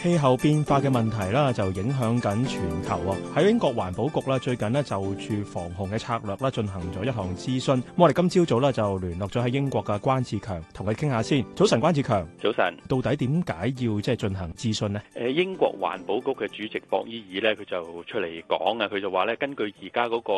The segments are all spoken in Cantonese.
氣候變化嘅問題啦，就影響緊全球啊！喺英國環保局啦，最近咧就住防洪嘅策略啦，進行咗一項諮詢。我哋今朝早咧就聯絡咗喺英國嘅關志強，同佢傾下先。早晨，關志強，早晨。到底點解要即係進行諮詢咧？誒，英國環保局嘅主席博伊爾咧，佢就出嚟講啊，佢就話咧，根據而家嗰個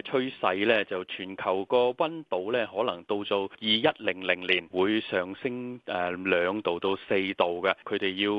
誒趨勢咧，就全球個溫度咧，可能到到二一零零年會上升誒兩度到四度嘅，佢哋要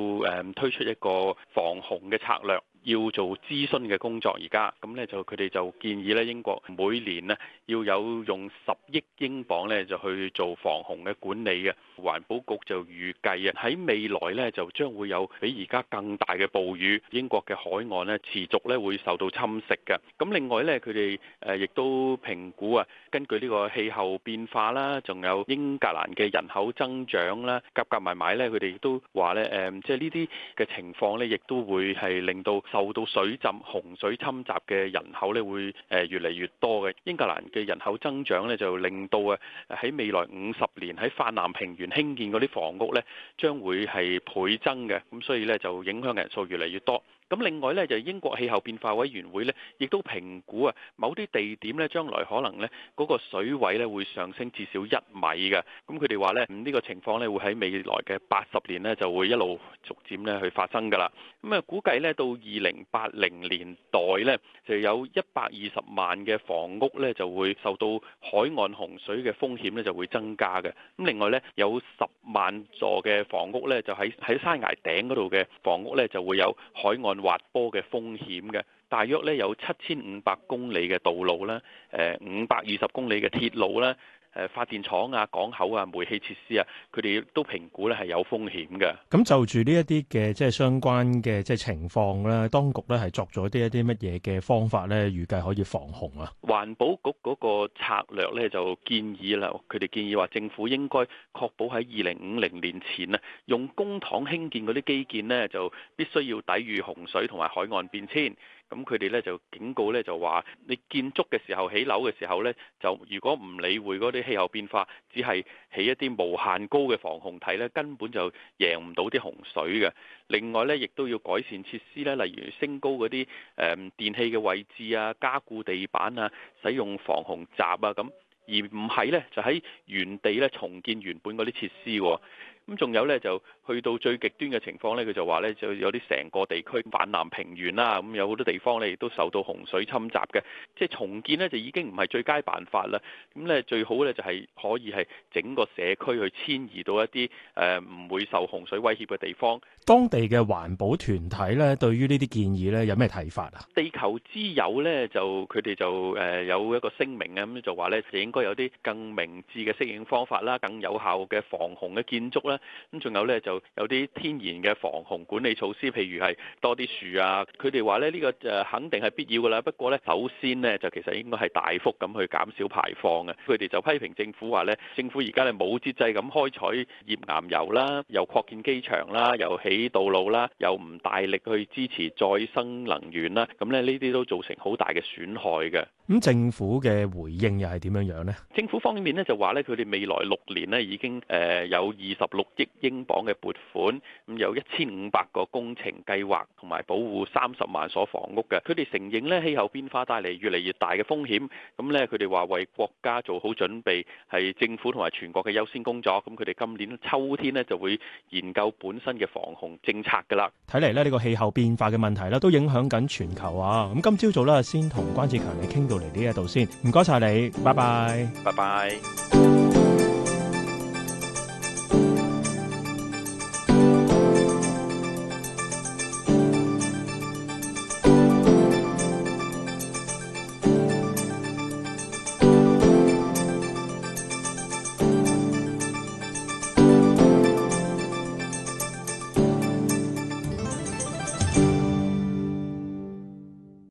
誒推。推出一個防洪嘅策略。要做諮詢嘅工作，而家咁呢，就佢哋就建議呢英國每年呢，要有用十億英磅呢，就去做防洪嘅管理嘅。環保局就預計啊，喺未來呢，就將會有比而家更大嘅暴雨，英國嘅海岸呢，持續呢會受到侵蝕嘅。咁另外呢，佢哋誒亦都評估啊，根據呢個氣候變化啦，仲有英格蘭嘅人口增長啦，夾夾埋埋呢，佢哋都話呢，誒，即係呢啲嘅情況呢，亦都會係令到。受到水浸、洪水侵襲嘅人口咧，會誒越嚟越多嘅。英格蘭嘅人口增長咧，就令到啊喺未來五十年喺泛濫平原興建嗰啲房屋咧，將會係倍增嘅。咁所以咧，就影響嘅人數越嚟越多。咁另外咧就英國氣候變化委員會咧，亦都評估啊，某啲地點咧將來可能咧嗰個水位咧會上升至少一米嘅。咁佢哋話咧，咁呢個情況咧會喺未來嘅八十年咧就會一路逐漸咧去發生㗎啦。咁啊估計咧到二零八零年代咧，就有一百二十萬嘅房屋咧就會受到海岸洪水嘅風險咧就會增加嘅。咁另外咧有十萬座嘅房屋咧就喺喺山崖頂嗰度嘅房屋咧就會有海岸滑坡嘅風險嘅，大約咧有七千五百公里嘅道路啦，誒五百二十公里嘅鐵路啦。誒、呃，發電廠啊、港口啊、煤氣設施啊，佢哋都評估咧係有風險嘅。咁就住呢一啲嘅即係相關嘅即係情況啦，當局咧係作咗啲一啲乜嘢嘅方法咧，預計可以防洪啊。環保局嗰個策略咧就建議啦，佢哋建議話政府應該確保喺二零五零年前啊，用公帑興建嗰啲基建咧，就必須要抵禦洪水同埋海岸變遷。咁佢哋咧就警告咧就話：你建築嘅時候，起樓嘅時候咧，就如果唔理會嗰啲氣候變化，只係起一啲無限高嘅防洪堤咧，根本就贏唔到啲洪水嘅。另外咧，亦都要改善設施咧，例如升高嗰啲誒電器嘅位置啊，加固地板啊，使用防洪閘啊咁，而唔係咧就喺原地咧重建原本嗰啲設施。咁仲有咧，就去到最極端嘅情況咧，佢就話咧，就有啲成個地區泛濫平原啦，咁有好多地方咧，亦都受到洪水侵襲嘅。即係重建咧，就已經唔係最佳辦法啦。咁咧，最好咧就係、是、可以係整個社區去遷移到一啲誒唔會受洪水威脅嘅地方。當地嘅環保團體咧，對於呢啲建議咧，有咩睇法啊？地球之友咧，就佢哋就誒、呃、有一個聲明啊，咁就話咧，就應該有啲更明智嘅適應方法啦，更有效嘅防洪嘅建築啦。咁仲有咧，就有啲天然嘅防洪管理措施，譬如係多啲樹啊。佢哋話咧呢這個誒，肯定係必要噶啦。不過咧，首先呢，就其實應該係大幅咁去減少排放嘅。佢哋就批評政府話咧，政府而家係冇節制咁開採頁岩油啦，又擴建機場啦，又起道路啦，又唔大力去支持再生能源啦。咁咧呢啲都造成好大嘅損害嘅。咁政府嘅回應又係點樣樣呢？政府方面呢，就話咧，佢哋未來六年咧已經誒有二十六億英磅嘅撥款，咁有一千五百個工程計劃，同埋保護三十萬所房屋嘅。佢哋承認咧，氣候變化帶嚟越嚟越大嘅風險，咁咧佢哋話為國家做好準備係政府同埋全國嘅優先工作。咁佢哋今年秋天呢，就會研究本身嘅防洪政策㗎啦。睇嚟咧，呢個氣候變化嘅問題咧都影響緊全球啊！咁今朝早啦，先同關志強嚟傾到。嚟呢一度先，唔該晒你，嗯、拜拜，拜拜。